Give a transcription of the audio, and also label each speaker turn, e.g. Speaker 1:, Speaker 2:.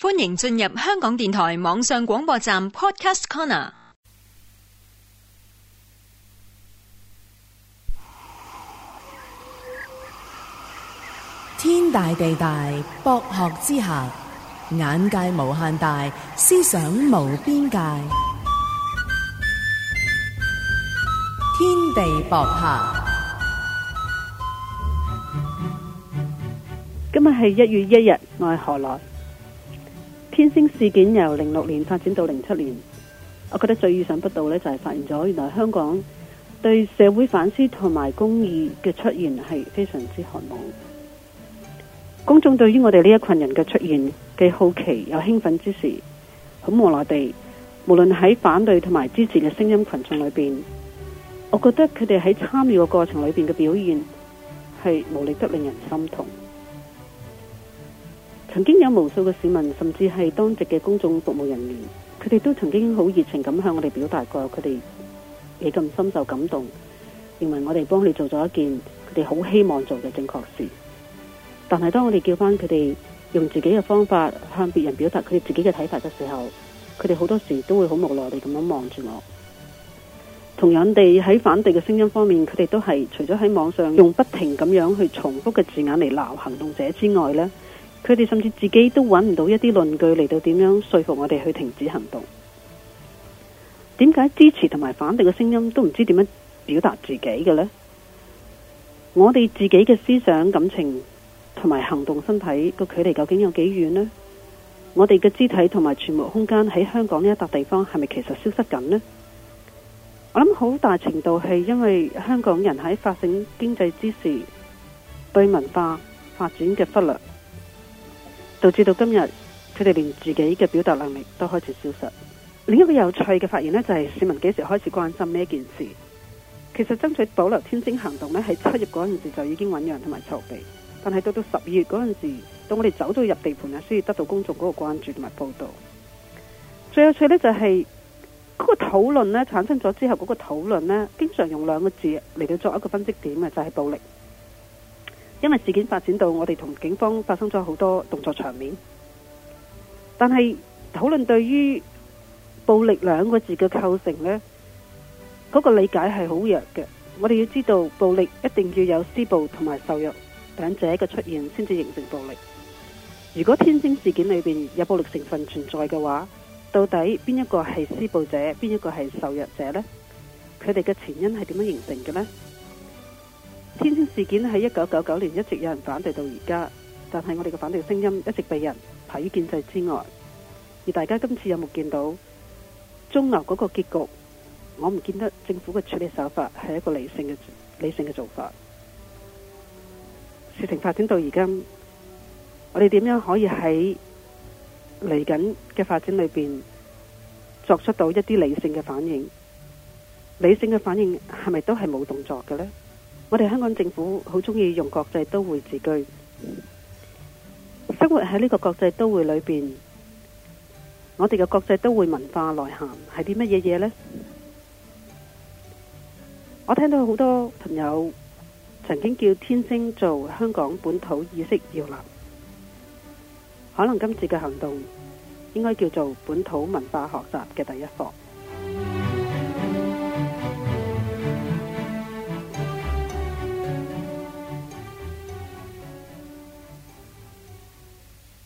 Speaker 1: 歡迎進入香港電台網上廣播站 Podcast Corner。天大地大，博學之下；眼界無限大，思想無邊界，天地博客。今日係一月一日，我係何來。天星事件由零六年發展到零七年，我覺得最意想不到咧，就係發現咗原來香港對社會反思同埋公義嘅出現係非常之渴望。公眾對於我哋呢一群人嘅出現既好奇又興奮之時，好無奈地，無論喺反對同埋支持嘅聲音群眾裏邊，我覺得佢哋喺參與嘅過程裏邊嘅表現係無力得令人心痛。曾經有無數嘅市民，甚至係當值嘅公眾服務人員，佢哋都曾經好熱情咁向我哋表達過，佢哋亦咁深受感動，認為我哋幫你做咗一件佢哋好希望做嘅正確事。但係當我哋叫翻佢哋用自己嘅方法向別人表達佢哋自己嘅睇法嘅時候，佢哋好多時都會好無奈地咁樣望住我。同樣地喺反對嘅聲音方面，佢哋都係除咗喺網上用不停咁樣去重複嘅字眼嚟鬧行動者之外咧佢哋甚至自己都揾唔到一啲論據嚟到點樣說服我哋去停止行動。點解支持同埋反對嘅聲音都唔知點樣表達自己嘅咧？我哋自己嘅思想、感情同埋行動、身體個距離究竟有幾遠呢？我哋嘅肢體同埋傳媒空間喺香港呢一笪地方係咪其實消失緊呢？我諗好大程度係因為香港人喺發展經濟之時對文化發展嘅忽略。導致到今日，佢哋連自己嘅表達能力都開始消失。另一個有趣嘅發現呢，就係、是、市民幾時開始關心呢一件事？其實爭取保留天星行動呢，喺七月嗰陣時就已經醞釀同埋籌備，但係到到十二月嗰陣時，到我哋走到入地盤啊，需要得到公眾嗰個關注同埋報道。最有趣呢，就係、是、嗰、那個討論呢，產生咗之後，嗰、那個討論呢，經常用兩個字嚟到作一個分析點啊，就係、是、暴力。因為事件發展到我哋同警方發生咗好多動作場面，但係討論對於暴力兩個字嘅構成呢，嗰個理解係好弱嘅。我哋要知道暴力一定要有施暴同埋受虐兩者嘅出現，先至形成暴力。如果天星事件裏邊有暴力成分存在嘅話，到底邊一個係施暴者，邊一個係受虐者呢？佢哋嘅前因係點樣形成嘅呢？天星事件喺一九九九年一直有人反對到而家，但係我哋嘅反對聲音一直被人排於建制之外。而大家今次有冇見到中牛嗰個結局？我唔見得政府嘅處理手法係一個理性嘅理性嘅做法。事情發展到而家，我哋點樣可以喺嚟緊嘅發展裏邊作出到一啲理性嘅反應？理性嘅反應係咪都係冇動作嘅咧？我哋香港政府好鍾意用國際都會自居，生活喺呢個國際都會裏邊，我哋嘅國際都會文化內涵係啲乜嘢嘢呢？我聽到好多朋友曾經叫天星做香港本土意識搖籃，可能今次嘅行動應該叫做本土文化學習嘅第一課。